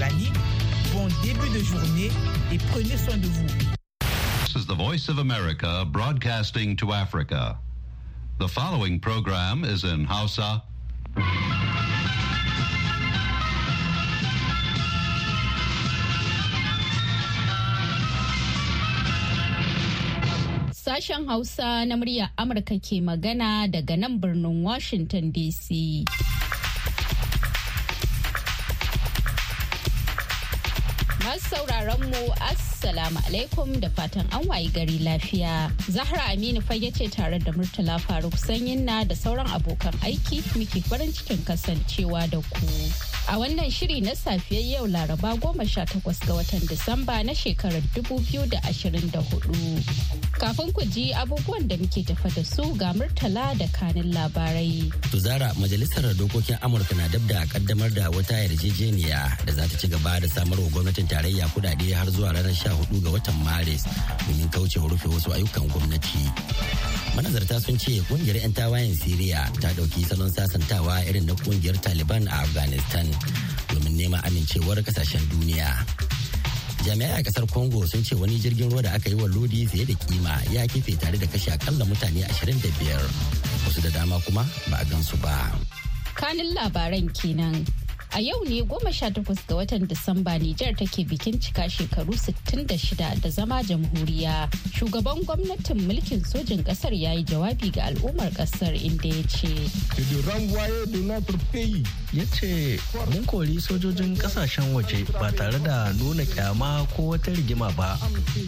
Galani. Bon début de journée et prenez soin de vous. This is the Voice of America broadcasting to Africa. The following program is in Hausa. Sashen Hausa na murya Amurka ke magana daga nan birnin Washington DC. Masu sauraron mu Assalamu alaikum da fatan an wayi gari lafiya. Zahra Aminu fa ce tare da Murtala Faruk Sanyin na da sauran abokan aiki muke farin cikin kasancewa da ku. a wannan shiri na safiyar yau laraba goma sha takwas ga watan Disamba na shekarar dubu biyu da ashirin da hudu Kafin ku ji abubuwan da muke tafa da su ga murtala da kanin labarai. zara majalisar dokokin Amurka na dab da kaddamar da wata yarjejeniya da za ta ci gaba da samarwa gwamnatin tarayya kudade har zuwa ranar sha hudu ga watan Maris domin kaucewa rufe wasu ayyukan gwamnati. Manazarta sun ce kungiyar 'yan tawayen Siriya ta ɗauki salon sasantawa irin na kungiyar Taliban a Afghanistan. domin neman amincewar kasashen duniya jami'ai a kasar congo sun ce wani jirgin ruwa da aka yi wa lodi zai da kima ya kife tare da kashe akalla mutane 25 wasu da dama kuma ba a gansu ba kanin labaran kenan A yau ne goma sha takwas ga watan Disamba Nijar take bikin cika shekaru sittin da shida da zama jamhuriya. Shugaban gwamnatin mulkin sojin kasar ya yi jawabi ga al'ummar kasar inda ya ce. Ya ce, mun kori sojojin kasashen waje ba tare da nuna kyama ko wata rigima ba,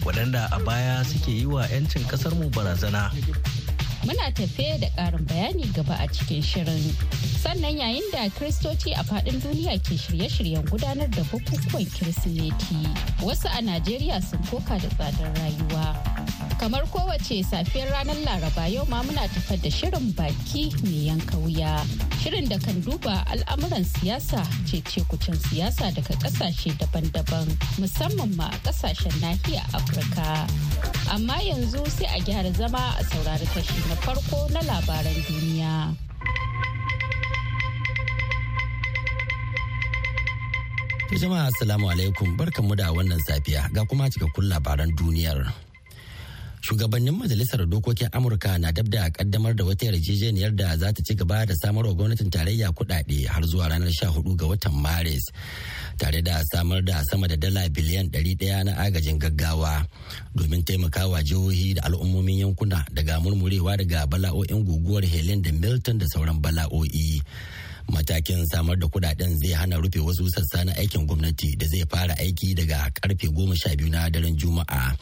wadanda a baya suke yi wa 'yancin ƙasarmu barazana. muna tafe da ƙarin bayani gaba a cikin shirin. Sannan yayin da Kiristoci a faɗin duniya ke shirye-shiryen gudanar da bukukuwan Kirsimeti, wasu a Najeriya sun koka da tsadar rayuwa. kamar kowace safiyar ranar laraba yau ma muna tafar da shirin baki mai yanka wuya shirin da kan duba al'amuran siyasa ce kucin siyasa daga kasashe daban-daban musamman ma a kasashen nahiyar afirka amma yanzu sai a gyara zama a saurari kashi na farko na labaran duniya jama'a assalamu alaikum barkanmu da wannan safiya ga kuma cikakkun labaran duniyar shugabannin majalisar dokokin amurka na dab da kaddamar da wata yarjejeniyar da za ta ci gaba da samar wa gwamnatin tarayya kuɗaɗe har zuwa ranar 14 ga watan maris tare da samar da sama da dala biliyan 100 na agajin gaggawa domin taimakawa jihohi da al'ummomin yankuna daga murmurewa daga bala'o'in guguwar helen da milton da sauran bala'o'i matakin samar da kudaden zai hana rufe wasu sassa na aikin gwamnati da zai fara aiki daga karfe goma sha biyu na daren juma'a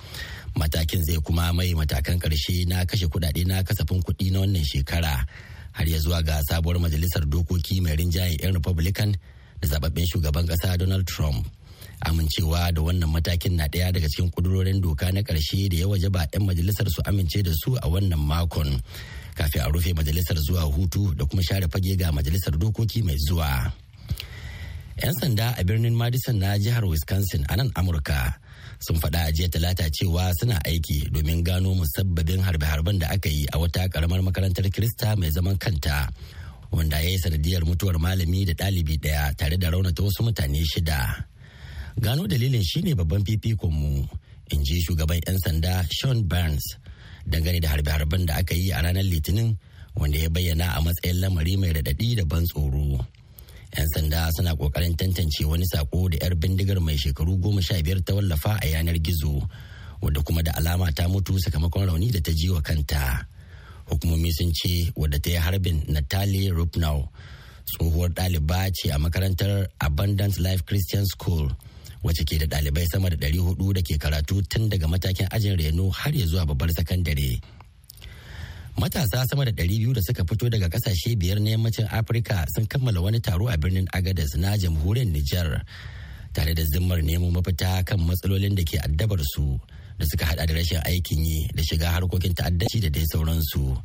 matakin zai kuma mai matakan ƙarshe na kashe kuɗaɗe na kasafin kuɗi na wannan shekara har ya zuwa ga sabuwar majalisar dokoki mai rinjayen 'yan republican da zababben shugaban ƙasa donald trump amincewa da wannan matakin na ɗaya daga cikin kudurorin doka na ƙarshe da ya waje ba 'yan majalisar su amince da su a wannan makon kafin a rufe majalisar zuwa hutu da kuma share fage ga majalisar dokoki mai zuwa 'yan sanda a birnin madison na jihar wisconsin a nan amurka sun faɗa a jiya talata cewa suna aiki domin gano musabbabin harbe-harben da aka yi a wata karamar makarantar Kirista mai zaman kanta wanda ya yi sanadiyar mutuwar malami da ɗalibi ɗaya tare da raunata wasu mutane shida. Gano dalilin shine babban fifikonmu, in ji shugaban 'yan sanda Sean Burns dangane da harbe-harben da aka yi a ranar Litinin wanda ya bayyana a matsayin lamari mai raɗaɗi da ban tsoro. 'yan sanda suna kokarin tantance wani sako da 'yar bindigar mai shekaru goma sha biyar ta wallafa a yanar gizo wadda kuma da alama ta mutu sakamakon rauni da ta ji wa kanta hukumomi sun ce wadda ta yi harbin natalie rupnau tsohuwar ɗaliba ce a makarantar abundant life christian school wacce ke da ɗalibai sama da 400 da ke karatu tun daga matakin ajin reno har ya zuwa babbar sakandare. Matasa sama da ɗari biyu da suka fito daga ƙasashe biyar na yammacin Afirka sun kammala wani taro a birnin Agadez na jamhuriyar Nijar tare da zimmar nemo mafita kan matsalolin da ke addabar su da suka hada da rashin aikin yi da shiga harkokin ta'addanci da dai sauransu.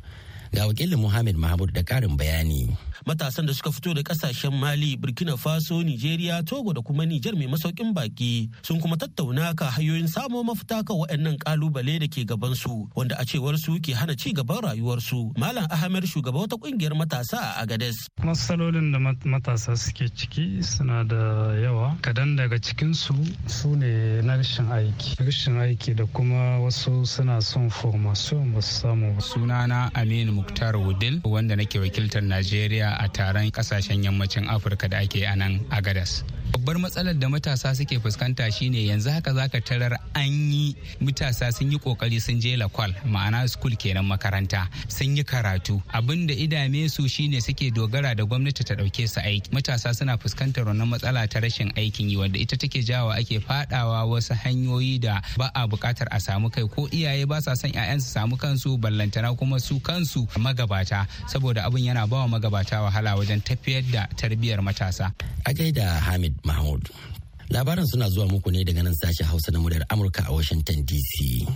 Ga wakilin Muhammad Mahmud da karin bayani. Matasan da suka fito da kasashen Mali, Burkina Faso, Nigeria, Togo da kuma Nijar mai masaukin baki sun kuma tattauna ka hanyoyin samo mafita kan waɗannan kalubale da ke gabansu wanda a cewar su ke hana ci gaban rayuwarsu. Malam Ahmed shugaba wata kungiyar matasa a Agades. Matsalolin da matasa suke ciki suna da yawa. Kadan daga cikinsu su ne na rashin aiki. Rashin aiki da kuma wasu suna son formation ba su samu. Sunana Aminu muktar wudil wanda nake wakiltar najeriya a taron kasashen yammacin afirka da ake a nan a gadas babbar matsalar da matasa suke fuskanta shine yanzu haka zaka tarar an yi matasa sun yi kokari sun je lakwal ma'ana school kenan makaranta sun yi karatu abin da idame su shine suke dogara da gwamnati ta dauke su aiki matasa suna fuskantar wannan matsala ta rashin aikin yi wanda ita take jawa ake fadawa wasu hanyoyi da ba a bukatar a samu kai ko iyaye ba sa son 'ya'yansu samu kansu ballantana kuma su kansu magabata saboda abin yana ba wa magabata wahala wajen tafiyar da tarbiyyar matasa. A gaida Hamid Mahmud. Labaran suna zuwa muku ne daga nan sashi Hausa na muryar Amurka a Washington DC.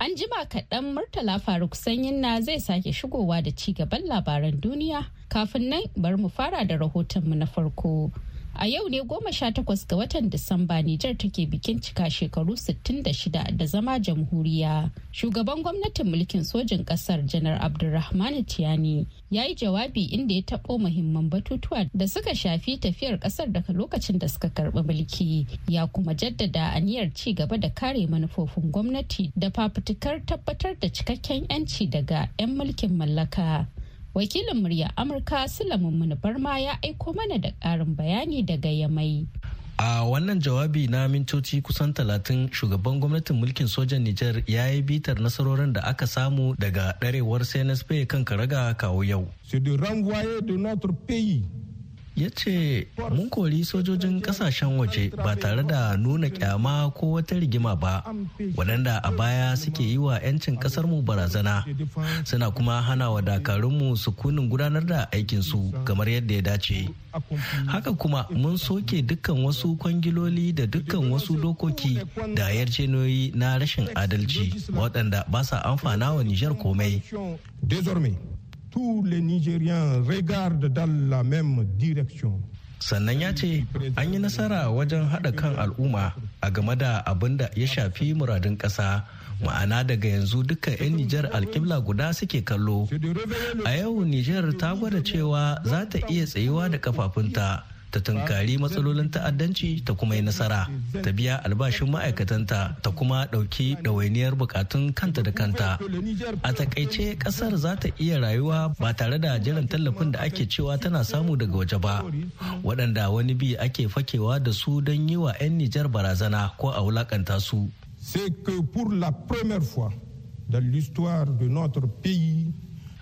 An jima kaɗan Murtala Faruk Sanyin na zai sake shigowa da ci gaban labaran duniya kafin nan bari mu fara da rahoton mu na farko. A yau ne goma sha takwas ga watan Disamba Nijar take bikin cika shekaru sittin da shida da zama jamhuriya. Shugaban gwamnatin mulkin sojin kasar Janar Abdulrahman Tiyani ya yi jawabi inda ya taɓo muhimman batutuwa da suka shafi tafiyar kasar daga lokacin da suka karɓi mulki. Ya kuma jaddada aniyar ci gaba da kare manufofin gwamnati da fafutukar tabbatar da cikakken 'yanci daga 'yan mulkin mallaka. wakilin murya amurka sulamun munubarma ya aiko mana da karin bayani daga yamai a wannan jawabi na mintoci kusan talatin shugaban gwamnatin mulkin sojan nijar ya yi bitar nasarorin da aka samu daga ɗarewar cnsp kan karaga kawo yau ya ce mun kori sojojin kasashen waje ba tare da nuna kyama ko wata rigima ba waɗanda a baya suke yi wa 'yancin ƙasarmu barazana suna kuma hana wa dakarunmu sukunin gudanar da aikinsu kamar yadda ya dace haka kuma mun soke dukkan wasu kwangiloli da dukkan wasu dokoki da yarjejeniyoyi na rashin adalci waɗanda ba sa amfana wa nijar komai tous les Nigériens regardent dans la même direction. sannan ya ce an yi nasara wajen haɗa kan al'umma a game da abin da ya shafi muradin ƙasa ma'ana daga yanzu dukkan 'yan nijar alkibla guda suke kallo a yau nijar ta gwada cewa za ta iya tsayuwa da kafafunta ta tunkari matsalolin ta'addanci ta kuma yi nasara ta biya albashin ma'aikatanta ta kuma ɗauki dawainiyar bukatun kanta da kanta a takaice ƙasar za ta iya rayuwa ba tare da jiran tallafin da ake cewa tana samu daga waje ba waɗanda wani bi ake fakewa da su don yi wa 'yan nijar barazana ko a wulakanta su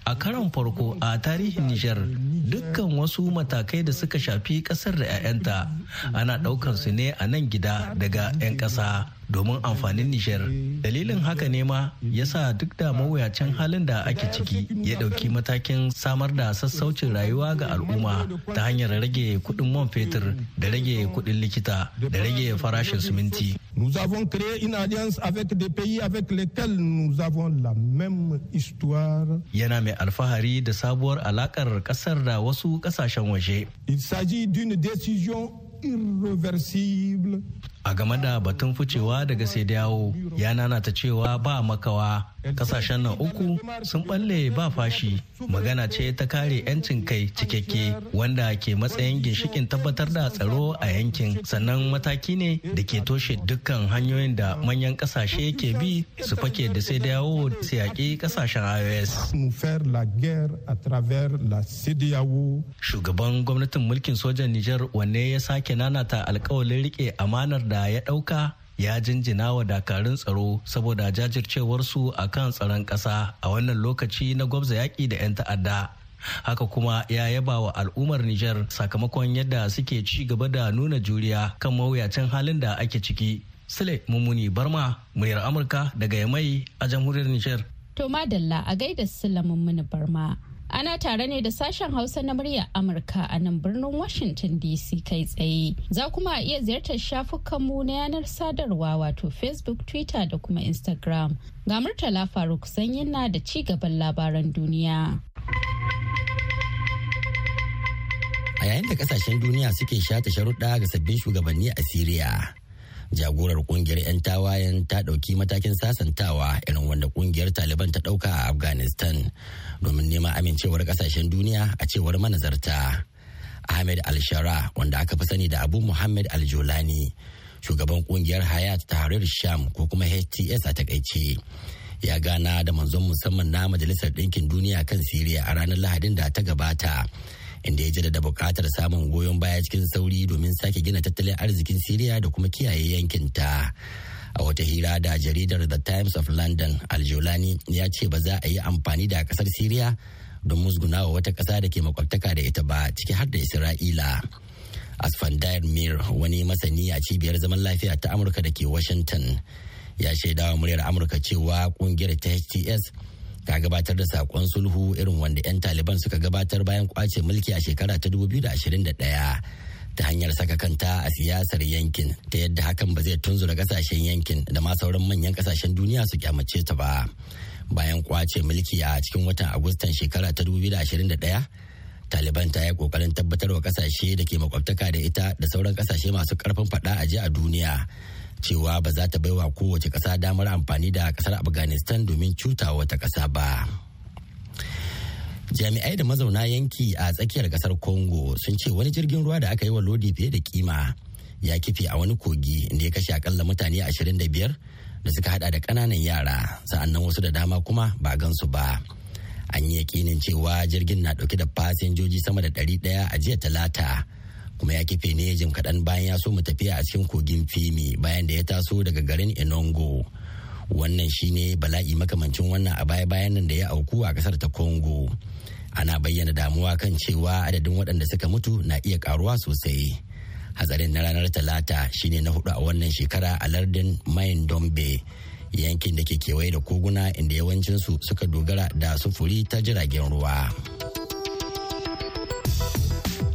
a karon farko a tarihin Nijar dukkan wasu matakai da suka shafi kasar da 'ya'yanta ana ɗaukan ne a nan gida daga 'yan ƙasa domin amfanin Nijar. Dalilin haka ne ma ya sa duk da mawuyacin halin da ake ciki ya ɗauki matakin samar da sassaucin rayuwa ga al'umma ta hanyar rage kuɗin man fetur da rage kuɗin likita da rage farashin siminti. Nous avons créé une alliance avec des pays avec lesquels nous avons la même histoire. Yana mai alfahari da sabuwar alakar kasar da wasu kasashen waje. Il s'agit d'une décision irreversible. A game da batun ficewa daga sai dawo ya nanata cewa ba makawa kasashen nan uku sun balle ba fashi magana ce ta kare 'yancin kai cikakke wanda ke matsayin ginshikin tabbatar da tsaro a yankin sannan mataki ne da ke toshe dukkan hanyoyin da manyan kasashe ke bi su fake da sai da yawo su yaƙi kasashen ios shugaban gwamnatin mulkin sojan niger wanne ya sake nanata alkawalin rike amanar da ya ɗauka ya jinjina wa dakarun tsaro saboda jajircewarsu a kan tsaron ƙasa a wannan lokaci na gwabza yaƙi da 'yan ta'adda haka kuma ya yaba wa al'ummar Nijar sakamakon yadda suke ci gaba da nuna juriya kan mawuyacin halin da ake ciki. Sule Mummuni Barma, muryar Amurka daga Yamai a jamhuriyar Nijar. To Madalla a gaida Sule Mummuni Barma. Ana tare ne da sashen Hausa na murya Amurka a nan birnin Washington DC kai tsaye. Za kuma a iya ziyartar shafukanmu na yanar sadarwa wato Facebook, Twitter da kuma Instagram. Ga Murtala Faruk Sanyina da ci gaban labaran duniya. A yayin da kasashen duniya suke shata sharuɗa ga sabbin shugabanni a Siriya. jagorar kungiyar 'yan tawayen ta ɗauki matakin sasantawa irin wanda kungiyar taliban ta ɗauka a afghanistan domin neman amincewar ƙasashen duniya a cewar manazarta ahmed al-shara wanda aka fi sani da abu muhammad al shugaban kungiyar hayat ta tahrir sham ko kuma hts a takaice ya gana da manzon musamman na majalisar ɗinkin duniya kan siriya a ranar lahadin da ta gabata inda ya da bukatar samun goyon baya cikin sauri domin sake gina tattalin arzikin Siriya da kuma kiyaye yankinta. A wata hira da jaridar The Times of London, Aljolani ya ce ba za a yi amfani da kasar Siriya don wa wata kasa da ke makwabtaka da ita ba ciki har da Isra'ila. Asfandayar Mir wani masani a cibiyar zaman lafiya ta Amurka da ke Washington ya shaidawa muryar Amurka cewa kungiyar ta HTS ta gabatar da sakon sulhu irin wanda 'yan taliban suka gabatar bayan kwace mulki a shekara ta 2021 ta hanyar saka kanta a siyasar yankin ta yadda hakan ba zai tunzura kasashen yankin da ma sauran manyan kasashen duniya su kyamace ta ba bayan kwace mulki a cikin watan agustan shekara ta 2021 Taliban ta yi kokarin tabbatar wa kasashe da ke makwabtaka da ita da sauran kasashe masu karfin fada a ji a duniya cewa ba za ta baiwa kowace ƙasa damar amfani da ƙasar afghanistan domin cuta wata ƙasa ba jami'ai da mazauna yanki a tsakiyar ƙasar congo sun ce wani jirgin ruwa da aka yi wa lodi fiye da kima ya kife a wani kogi inda ya kashe akalla mutane 25 da suka hada da ƙananan yara sa'annan wasu da dama kuma ba gansu ba an yi yakinin cewa jirgin na ɗauke da fasinjoji sama da 100 a jiya talata kuma ya kife ne jim kaɗan bayan ya so mu tafiya a cikin kogin fimi bayan da ya taso daga garin Enongo. Wannan shine bala'i makamancin wannan a baya-bayan nan da ya auku a kasar ta Congo. Ana bayyana damuwa kan cewa adadin waɗanda suka mutu na iya karuwa sosai. Hatsarin na ranar Talata shine na hudu a wannan shekara a lardin mayan Dombe. yankin da ke kewaye da koguna inda yawancinsu suka dogara da sufuri ta jiragen ruwa.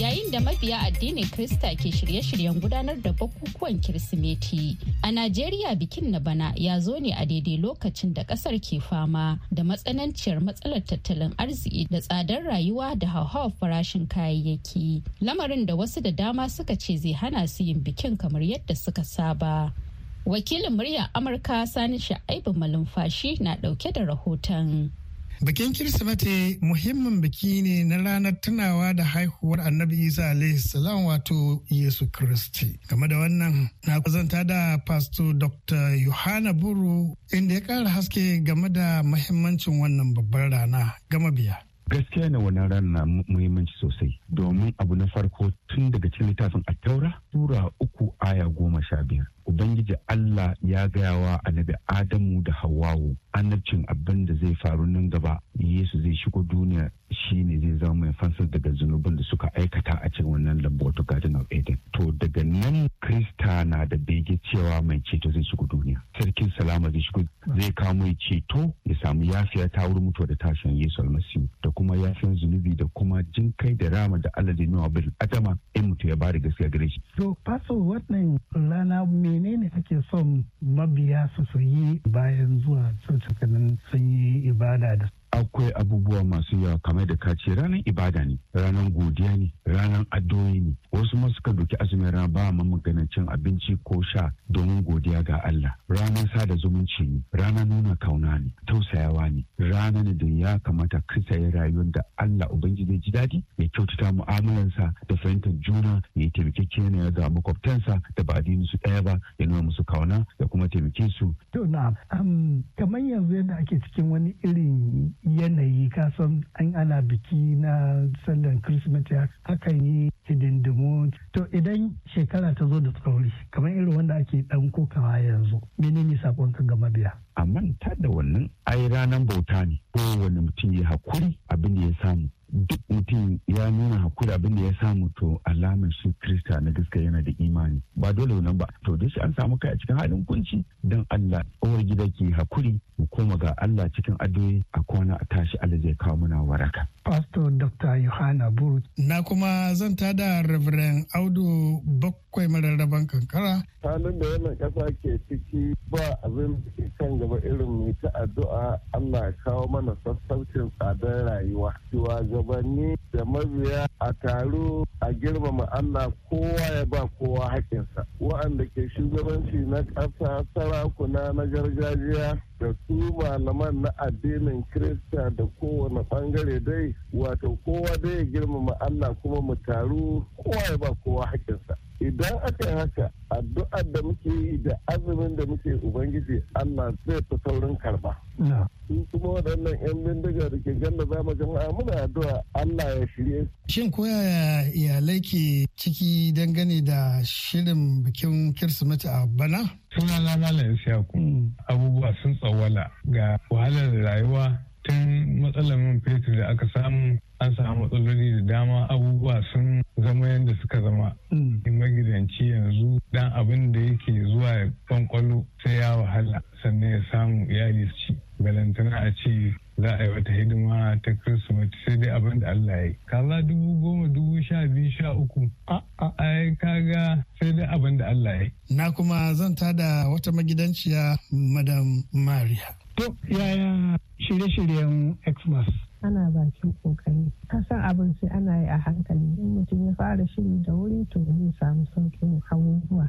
yayin da mabiya addinin Krista ke shirye-shiryen gudanar da bukukuwan Kirsimeti. A Najeriya bikin na bana ya zo ne a daidai lokacin da kasar ke fama da matsananciyar matsalar tattalin arziki da tsadar rayuwa da hauhawar farashin kayayyaki. Lamarin da wasu da dama suka ce zai hana su yin bikin kamar yadda suka saba. Wakilin muryar Amurka Sani Sha'aibu Malumfashi na ɗauke da rahoton. Bikin Kirsimeti muhimmin biki ne na ranar tunawa da haihuwar Annabi Isa alaihi salam wato Yesu Kiristi. Game da wannan na kuzanta da Pastor Dr. Yohana Buru inda ya ƙara haske game da mahimmancin wannan babbar rana gama biya. gaskiya na wannan ran na muhimmanci sosai domin abu na farko tun daga cikin littafin attaura tura uku aya goma sha biyar ubangiji allah ya gaya gayawa annabi adamu da hawawu annabcin abin da zai faru nan gaba yesu zai shigo duniya shi ne zai zama mai fansar daga zunubin da suka aikata a cikin wannan lambar to garden of eden to daga nan krista na da bege cewa mai ceto zai shigo duniya sarkin salama zai shigo zai kamo ceto ya samu yafiya ta wuri mutuwa da tashin yesu almasihu da kuma yafiyan zunubi da kuma jin kai da rama da allah da nuna bil adama in mutu ya bada gaskiya gare shi. to faso wannan rana menene ake son mabiya su yi bayan zuwa sun sun yi ibada da su. akwai abubuwa masu yawa kamar da kace ranar ibada ne ranar godiya ne ranar addu'o'i ne wasu ma suka doki azumin rana ba ma maganar cin abinci ko sha domin godiya ga Allah ranar sada zumunci ne ranar nuna kauna ne tausayawa ne ranar da ya kamata kirista ya rayuwar da Allah ubangiji zai ji daɗi ya kyautata sa da fahimtar juna ya taimakeke ne ga makwabtansa da ba addinin su ɗaya ba ya nuna musu kauna da kuma taimake su. To na kamar yanzu yadda ake cikin wani irin yanayi kasan an ana biki na sallan kirsimeti akan yi hidindimu to idan shekara ta zo da tsauri kamar irin wanda ake dan kokawa yanzu menene sakonka gama mabiya a manta da wannan ai ranar bauta ne kowane mutum ya hakuri abin da ya samu duk mutum ya nuna hakuri abin da ya samu to alamar shi krista na gaske yana da imani ba dole nan ba to dashi an samu kai a cikin halin kunci don allah uwar gida ke hakuri mu koma ga allah cikin adoyi a kwana a tashi allah zai kawo muna waraka pastor dr yohana buru na kuma zan tada reverend audu bakwai mararraban kankara halin da wannan kasa ke ciki ba abin da kan gaba irin mai ta addu'a allah ya kawo mana sassaucin tsadar rayuwa shugabanni da mabiya a taro a girmama Allah kowa ya ba kowa haƙinsa. Wa'anda ke shugabanci na ƙasa sarakuna na gargajiya da su malaman na addinin Kirista da kowane bangare dai wato kowa dai ya girmama Allah kuma mu taru kowa ya ba kowa haƙinsa. idan aka yi haka addu'ar da muke yi da azumin da muke ubangiji allah zai fi saurin karba su kuma waɗannan 'yan bindiga da ke ganda mu jama'a muna addu'a allah ya shirye shin koyaya iyalai ke ciki dangane da shirin bikin kirsimeti a bana suna na malam isiyaku hmm. abubuwa sun tsawala ga wahalar rayuwa tun matsalar man fetur da aka samu an samu matsaloli da dama abubuwa sun zama yadda suka zama. Mm. Magidanci yanzu dan abin da yake zuwa ya kwankwalo sai ya wahala sannan ya samu iyali su ci. Balantana a ce za a yi wata hidima ta Kirsimeti sai dai abin da Allah ya yi. Kaza dubu goma dubu sha biyu sha uku. yi kaga sai dai abin da Allah ya yi. Na kuma zan tada wata magidanciya Madam Maria. To yaya shirye-shiryen Xmas ana bakin kokari kasan abin sai ana yi a hankali in mutum ya fara shiri da wuri to zai samu sauƙin abubuwa.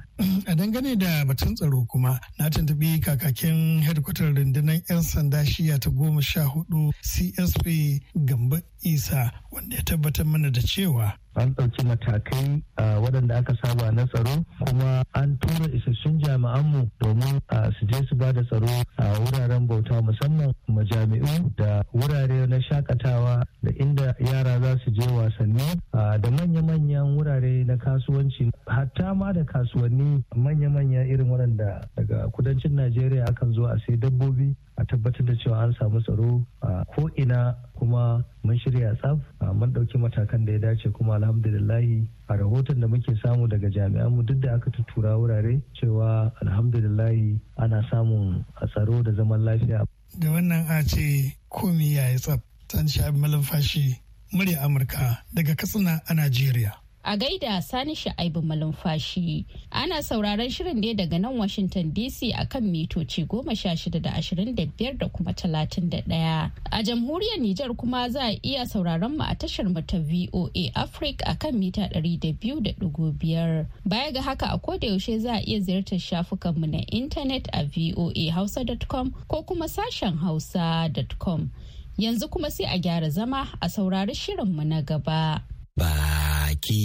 a dangane da batun tsaro kuma na tuntubi kakakin hedkwatar rundunar 'yan sanda shiya ta goma sha hudu csp gamba isa wanda ya tabbatar mana da cewa an ɗauki matakai a waɗanda aka saba na tsaro kuma an tura isassun jami'anmu domin su je su ba da tsaro a wuraren bauta musamman majami'u da wurare na shakatawa da inda yara za su je wasanni da manya-manyan wurare na kasuwanci hatta ma da kasuwanni manya-manya irin waɗanda daga kudancin najeriya akan zo a sai dabbobi a tabbatar da cewa an samu tsaro a ko'ina kuma mun shirya tsaf mun ɗauki matakan da ya dace kuma alhamdulillahi a rahoton da muke samu daga jami'an mu duk da aka tuttura wurare cewa alhamdulillahi ana samun tsaro da zaman lafiya da wannan a ce komi ya yi tsaf tan shabi malumfashi murya Amurka daga Katsina a Najeriya. A gaida sani sha'aibu malumfashi ana sauraron shirin ne daga nan Washington DC a kan mitoci goma sha shida da ashirin da biyar da kuma talatin da ɗaya. A jamhuriyar Nijar kuma za a iya sauraron mu a tashar mu ta VOA Africa a kan mita ɗari da biyu da ɗigo biyar. Baya ga haka a koda yaushe za a iya ziyartar shafukanmu na intanet a voahausa.com ko kuma sashen hausa.com. Yanzu kuma sai a gyara zama a saurari shirinmu na gaba. Baki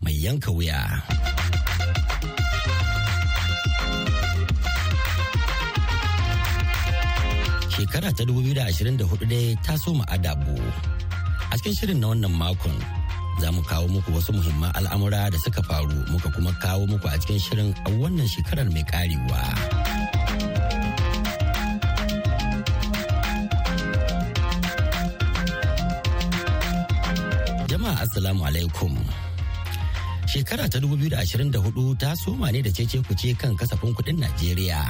mai yanka wuya. Shekara ta 2024 dai ta mu adabu. A cikin shirin na wannan makon za mu kawo muku wasu muhimman al'amura da suka faru muka kuma kawo muku a cikin shirin a wannan shekarar mai karewa. Assalamu alaikum. Shekara ta 2024 ta soma ne da cece kuce kan kasafin kudin Najeriya.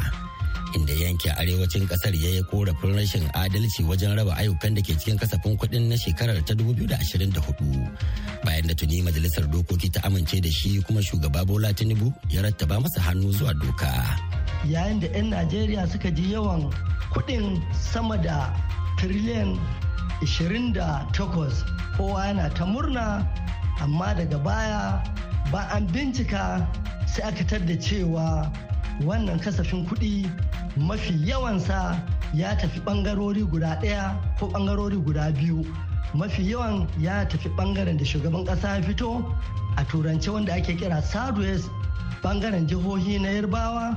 Inda yanke arewacin kasar ya yi korafin rashin adalci wajen raba ayyukan da ke cikin kasafin kudin na shekarar ta 2024 bayan da tuni majalisar dokoki ta amince da shi kuma shugaba Bola Tinubu ya rattaba masa hannu zuwa doka. Yayin da 'yan Najeriya suka ji yawan kudin sama da tiriliyan 28 kowa yana ta murna amma daga baya ba an bincika sai aka tadda cewa wannan kasafin kuɗi mafi yawansa ya tafi bangarori guda ɗaya ko bangarori guda biyu mafi yawan ya tafi ɓangaren da shugaban ƙasa ya fito a turance wanda ake kira southwest bangaren jihohi na yarbawa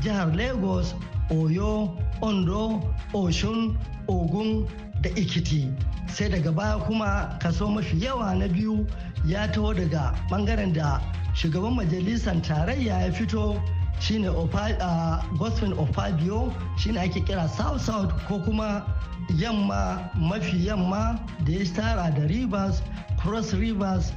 jihar lagos oyo ondo oshun ogun da ikiti sai daga baya kuma kaso mafi yawa na biyu ya taho daga bangaren da shugaban majalisar tarayya ya fito shine gosfin ofabio shine ake kira south south ko kuma yamma mafi yamma da ya tara da rivers cross rivers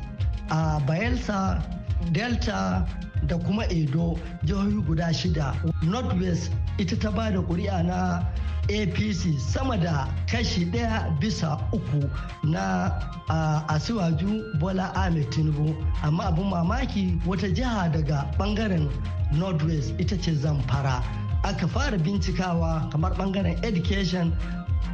a bayelsa delta da kuma edo jihohi guda shida northwest ita ta ba da kuri'a na apc sama da kashi ɗaya bisa uku na asiwaju bola ahmed tinubu amma abin mamaki wata jiha daga bangaren northwest ita ce zamfara aka fara bincikawa kamar bangaren education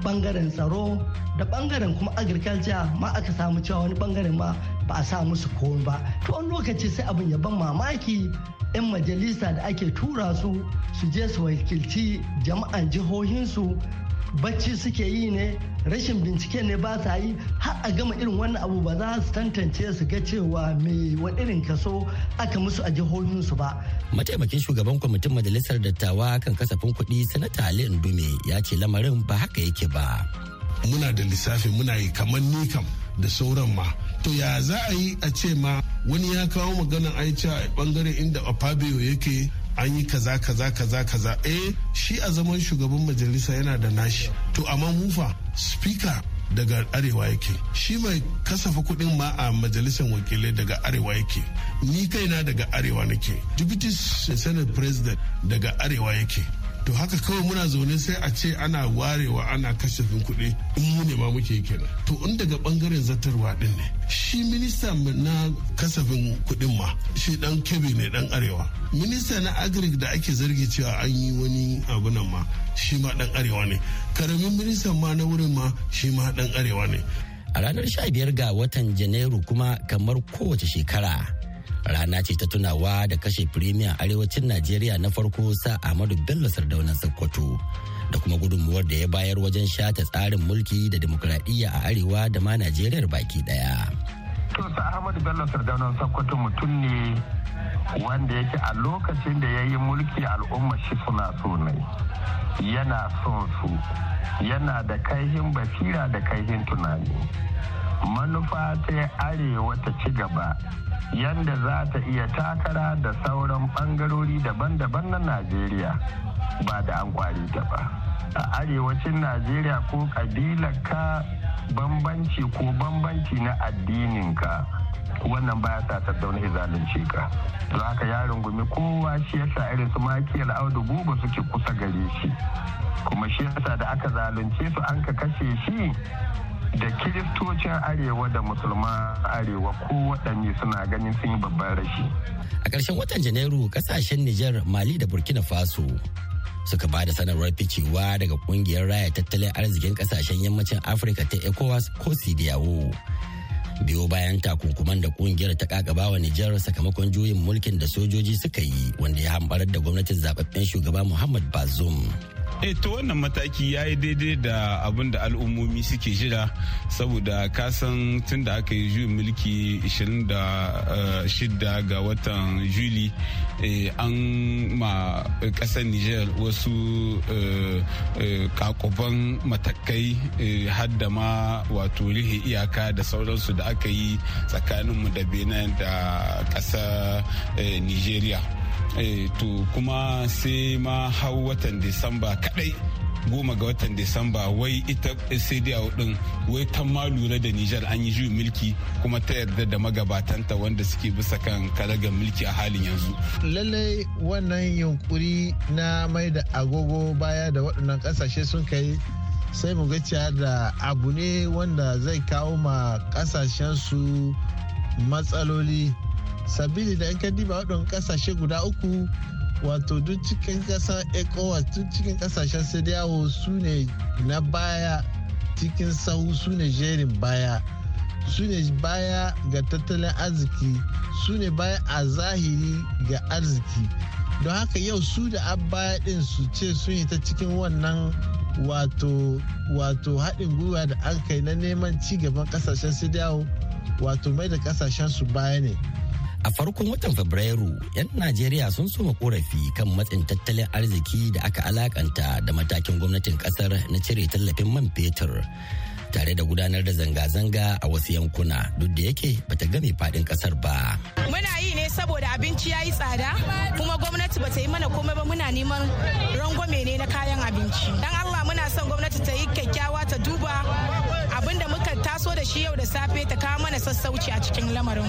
bangaren tsaro da bangaren kuma agriculture ma aka samu cewa wani bangaren ma ba a sa musu komai ba to wani lokaci sai abin ya ban mamaki 'yan majalisa da ake tura su su je su wakilci jama'an jihohinsu bacci suke yi ne rashin bincike ne ba sa yi har a gama irin wannan abu ba za su tantance su ga cewa me wa irin kaso aka musu a jihohinsu ba. Mataimakin shugaban kwamitin majalisar dattawa kan kasafin kuɗi sanata Ali Ndume ya ce lamarin ba haka yake ba. Muna da lissafi muna yi kamar ni kam da sauran ma. To ya za a yi a ce ma wani ya kawo maganan aici a bangare inda opabio yake an yi kaza kaza kaza kaza eh shi a zaman shugaban majalisa yana da nashi to amma mufa speaker daga arewa yake shi mai kasafa kuɗin ma a majalisar wakilai daga arewa yake ni kaina daga arewa nake deputy senate president daga arewa yake to haka kawai muna zaune sai a ce ana warewa ana kasafin kuɗi in mu ne ma muke kenan to in daga bangaren zartarwa din ne shi minista na kasafin kuɗin ma shi dan kebe ne dan arewa minista na agric da ake zargi cewa an yi wani abu nan ma shi ma dan arewa ne karamin ministan ma na wurin ma shi ma dan arewa ne a ranar 15 ga watan janairu kuma kamar kowace shekara rana ce ta tunawa da kashe firimiyan arewacin najeriya na farko sa ahmadu bello sardaunan sokoto da kuma gudunmuwar da ya bayar wajen shata tsarin mulki da demokuraɗiyya a arewa da ma najeriyar baki daya bello sardaunan sokoto mutum ne wanda yake a lokacin da ya yi mulki al'umma shi suna so yana son su yana da kaihin basira da kaihin tunani manufa ta arewa ta ci gaba yadda za ta iya takara da sauran bangarori daban-daban na najeriya ba da an kwari ta ba a arewacin najeriya ko kabilar ka bambanci ko bambanci na addininka wannan baya sa tattauna zalunce ka za ka yaron gumi kowa shi ya sa irin su makiyar Audu ba suke kusa gare shi kuma shi yasa da aka zalunce su an ka kashe shi da kiristocin arewa da musulman arewa ko waɗanne suna ganin sun yi babban rashi. A ƙarshen watan Janairu ƙasashen Nijar, Mali da Burkina Faso suka ba da sanarwar ficewa daga ƙungiyar raya tattalin arzikin ƙasashen yammacin Afirka ta ECOWAS ko CDAO. Biyo bayan takunkuman da ƙungiyar ta wa Nijar sakamakon juyin mulkin da sojoji suka yi wanda ya hambarar da gwamnatin zababben shugaba Muhammad Bazoum. e to wannan mataki ya yi daidai da abin da al'ummomi suke jira saboda kasan tun da aka yi juyin mulki 26 eh, ga watan juli eh, an ma kasar niger wasu kakoban matakai hadda ma wato rihe iyaka da sauransu da aka yi tsakaninmu da benin da kasar nigeria Eh, to kuma sai ma hau watan disamba kadai goma ga watan disamba wai ita cdao eh, din wai ta ma lura da nijar an yi juyin mulki kuma ta yarda da magabatanta wanda suke bisa kan karagar mulki a halin yanzu lallai wannan yunkuri na mai da agogo baya da waɗannan ƙasashe sun kai sai mu gaciya da abu ne wanda zai kawo ma ƙasashen su matsaloli sabili da 'yan ka diba waɗannan ƙasashe guda uku wato duk cikin ƙasa ecowas duk cikin ƙasashen sai su ne na baya cikin sahu su ne jerin baya su ne baya ga tattalin arziki su ne baya a zahiri ga arziki don haka yau su da baya din su ce sun yi ta cikin wannan wato wato haɗin gwiwa da an kai na neman ci gaban ƙasashen su dawo wato mai da ƙasashen su baya ne a farkon watan fabrairu 'yan najeriya sun soma korafi kan matsin tattalin arziki da aka alakanta da matakin gwamnatin kasar na cire tallafin man fetur tare da gudanar da zanga-zanga a wasu yankuna duk da yake bata game fadin kasar ba muna yi ne saboda abinci ya yi tsada kuma gwamnati bata yi mana komai ba muna neman rangwame ne na kayan abinci dan allah muna son gwamnati ta yi kyakkyawa ta duba abinda muka taso da shi yau da safe ta kawo mana sassauci a cikin lamarin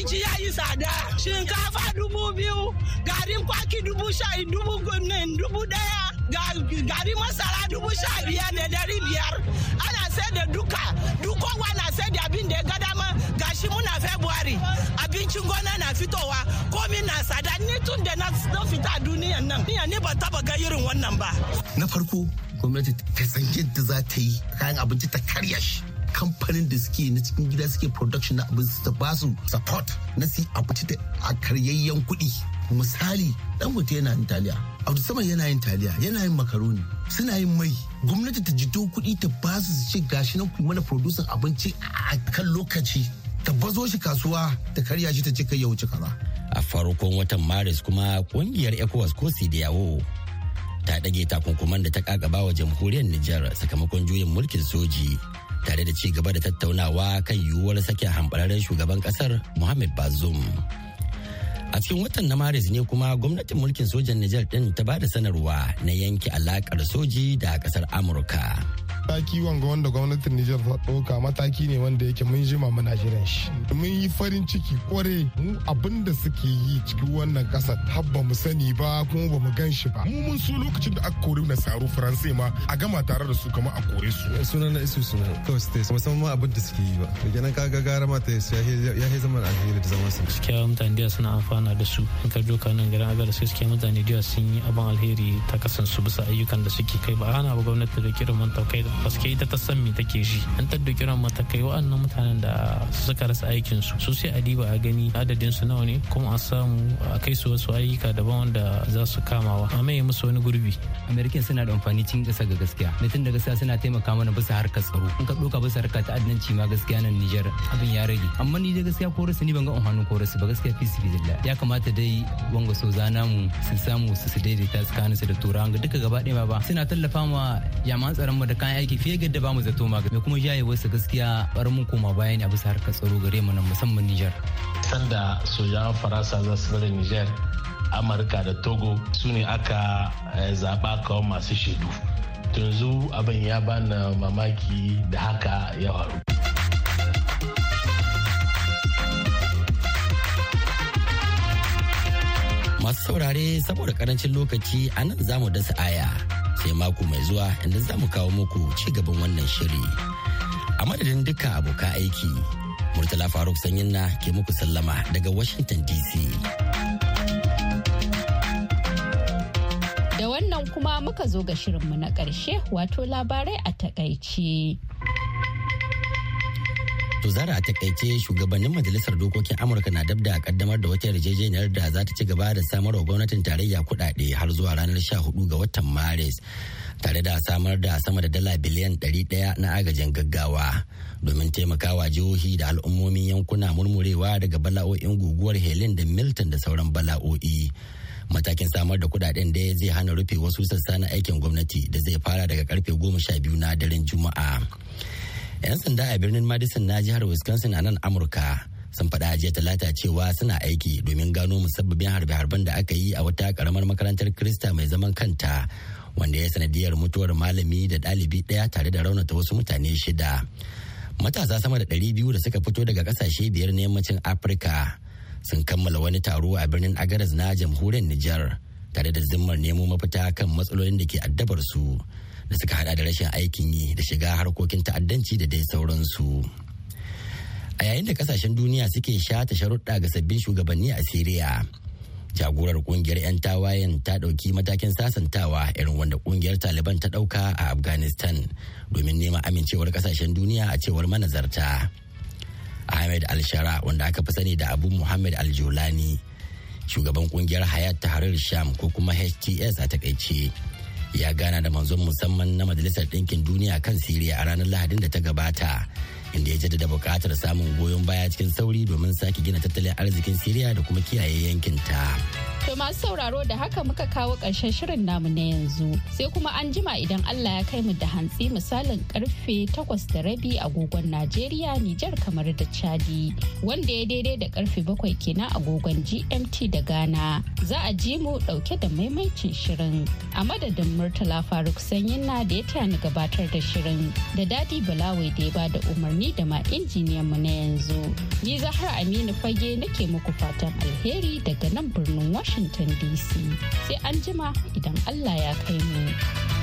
abinci ya yi tsada shinkafa dubu biyu garin kwaki dubu sha dubu dubu daya garin masara dubu sha biyar da dari biyar ana sai da duka dukowa na sai da abin da ya ga dama gashi muna february abincin gona na fitowa komi na tsada ni tun da na fita duniyan nan ni ba taba ga irin wannan ba na farko gwamnati ta san yadda za ta yi kayan abinci ta karya shi kamfanin da suke na cikin gida suke production na abin su ba su support na su abu da a karyayyen kuɗi misali dangote yana yin taliya abdu sama yana yin taliya yana yin makaroni suna yin mai gwamnati ta jito kuɗi ta ba su su ce gashi nan kuma na producer abinci a kan lokaci ta bazo shi kasuwa ta karya shi ta ce kai ya wuce kaza a farkon watan maris kuma kungiyar ecowas ko cdao ta ɗage takunkuman da ta kakaba wa jamhuriyar Nijar sakamakon juyin mulkin soji tare da ci gaba da tattaunawa kan yiwuwar sake hambararren shugaban kasar Muhammad Bazoum. A cikin watan na Maris ne kuma gwamnatin mulkin sojan Nijar din ta ba da sanarwa na yanke alakar soji da kasar Amurka. mataki wanga wanda gwamnatin Nijar ta ɗauka mataki ne wanda yake mun jima muna jiran shi. Mun yi farin ciki kware mu abin da suke yi cikin wannan ƙasa har mu sani ba kuma ba mu gan shi ba. Mu mun so lokacin da aka kori na saro Faransai ma a gama tare da su kamar a kore su. Eh, Sunan na isu suna kawai su taisa musamman abin da suke yi ba. Kenan ka ga gara ma ta ya yi zaman alheri da zaman su. Gaskiya mutane da suna amfana da su. In ka joka nan garin Agar sai suke mutane da sun yi abin alheri ta su bisa ayyukan da suke kai ba Ana ba gwamnati da kiran mun taukai da ke ita ta san me take ji an tadda kiran matakai wa'annan mutanen da suka rasa aikin su su sai a diba a gani adadin su nawa ne kuma a samu a kai su wasu ayyuka daban wanda za su wa amma mai musu wani gurbi american suna da amfani cikin kasa ga gaskiya tun da gaskiya suna taimaka mana bisa harkar tsaro in ka doka bisa harkar ta'addanci ma gaskiya nan Niger abin ya rage amma ni da gaskiya ko rasu ni ban ga amfanin ko rasu ba gaskiya fi su ya kamata dai wanga so zana mu su samu su daidaita tsakaninsu da turawa duka gaba ɗaya ba suna tallafa ma yaman tsaron mu da kayan ke fiye ga da bamu zato ma kuma jaye wasu gaskiya bar mun koma baya ne a bisa harkar tsaro gare mu na musamman Nijar. Sanda sojan Faransa za su bari Nijar, Amurka da Togo su ne aka eh, zaɓa kawo masu shaidu. Tunzu abin ya bani mamaki da haka ya faru. Masu saurare saboda karancin lokaci a nan za mu dasa aya. sai mako mai zuwa inda za mu kawo muku ci gaban wannan shiri a madadin duka abokan aiki murtala faruk sanyin na ke muku sallama daga washington dc da wannan kuma muka zo ga shirinmu na ƙarshe wato labarai a takaice. To zara a takaice shugabannin majalisar dokokin Amurka na dabda kaddamar da wata yarjejeniyar da za ta ci gaba da samar wa gwamnatin tarayya kuɗaɗe har zuwa ranar 14 ga watan Maris tare da samar da sama da dala biliyan 100 na agajin gaggawa domin taimakawa jihohi da al'ummomin yankuna murmurewa daga bala'o'in guguwar Helen da Milton da sauran bala'o'i. matakin samar da kudaden da zai hana rufe wasu sassa na aikin gwamnati da zai fara daga karfe goma sha biyu na daren juma'a. 'yan sanda a birnin madison na jihar wisconsin a nan amurka sun faɗa jiya talata cewa suna aiki domin gano musabbabin harbe-harben da aka yi a wata karamar makarantar krista mai zaman kanta wanda ya sanadiyar mutuwar malami da ɗalibi ɗaya tare da raunata wasu mutane shida matasa sama da ɗari biyu da suka fito daga ƙasashe biyar na yammacin afirka sun kammala wani taro a birnin agaras na jamhuriyar nijar tare da zimmar nemo mafita kan matsalolin da ke addabar su da suka hada da rashin aikin yi da shiga harkokin ta'addanci da dai sauransu a yayin da kasashen duniya suke sha shata sharuɗa ga sabbin shugabanni a siriya jagorar kungiyar 'yan tawayen ta ɗauki matakin sasantawa irin wanda kungiyar taliban ta ɗauka a afghanistan domin neman amincewar kasashen duniya a cewar manazarta ahmed al-shara wanda aka fi sani da abu muhammad al-julani shugaban kungiyar hayat tahrir sham ko kuma hts a takaice ya gana da manzon musamman na majalisar ɗinkin duniya kan siriya a ranar lahadin da ta gabata inda ya jaddada buƙatar samun goyon baya cikin sauri domin sake gina tattalin arzikin siriya da kuma kiyaye yankinta. ta To masu sauraro da haka muka kawo ƙarshen shirin namu na yanzu sai kuma an jima idan Allah ya kai mu da hantsi misalin karfe takwas da rabi agogon Najeriya Nijar kamar da Chadi wanda ya daidai da karfe bakwai kenan agogon GMT da Ghana za a ji mu ɗauke da maimaicin shirin a madadin Murtala Faruk Sanyin na da ya taya ni gabatar da shirin da Dadi Balawai da ya ba da umarni da ma injiniyan mu na yanzu ni Zahra Aminu Fage nake muku fatan alheri daga nan birnin Washington Washington DC. Sai an jima idan Allah ya kai mu.